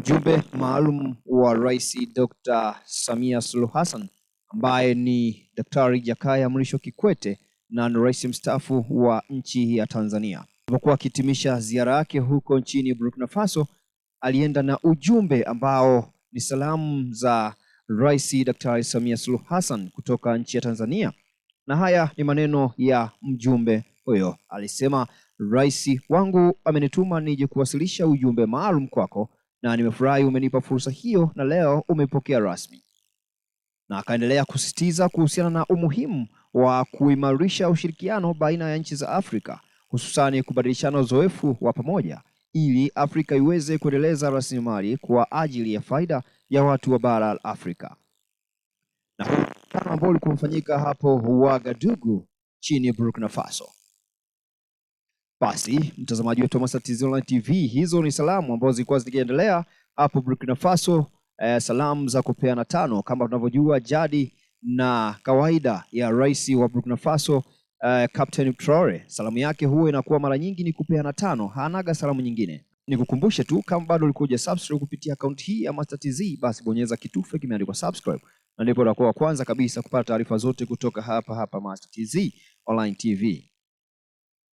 Mjumbe maalum wa Rais Dr. Samia Suluhu Hassan ambaye ni Daktari Jakaya Mrisho Kikwete na ni rais mstaafu wa nchi ya Tanzania amekuwa akihitimisha ziara yake huko nchini Burkina Faso. Alienda na ujumbe ambao ni salamu za Rais Daktari Samia Suluhu Hassan kutoka nchi ya Tanzania, na haya ni maneno ya mjumbe huyo. Alisema, rais wangu amenituma nije kuwasilisha ujumbe maalum kwako na nimefurahi umenipa fursa hiyo na leo umeipokea rasmi. Na akaendelea kusisitiza kuhusiana na umuhimu wa kuimarisha ushirikiano baina ya nchi za Afrika, hususani kubadilishana uzoefu wa pamoja ili Afrika iweze kuendeleza rasilimali kwa ajili ya faida ya watu wa bara la Afrika. Na ambao ulikuwa umefanyika hapo Ouagadougou chini Burkina Faso. Basi mtazamaji wetu wa Thomas Online TV, hizo ni salamu ambazo zilikuwa zikiendelea hapo Burkina Faso. Eh, salamu za kupeana tano kama tunavyojua jadi na kawaida ya rais wa Burkina Faso eh, Captain Traore, salamu yake huwa inakuwa mara nyingi ni kupeana tano, hanaga salamu nyingine. Nikukumbushe tu kama bado ulikuja subscribe kupitia akaunti hii ya Master basi bonyeza kitufe kimeandikwa subscribe, na ndipo utakuwa wa kwanza kabisa kupata taarifa zote kutoka hapa hapa Master Online TV.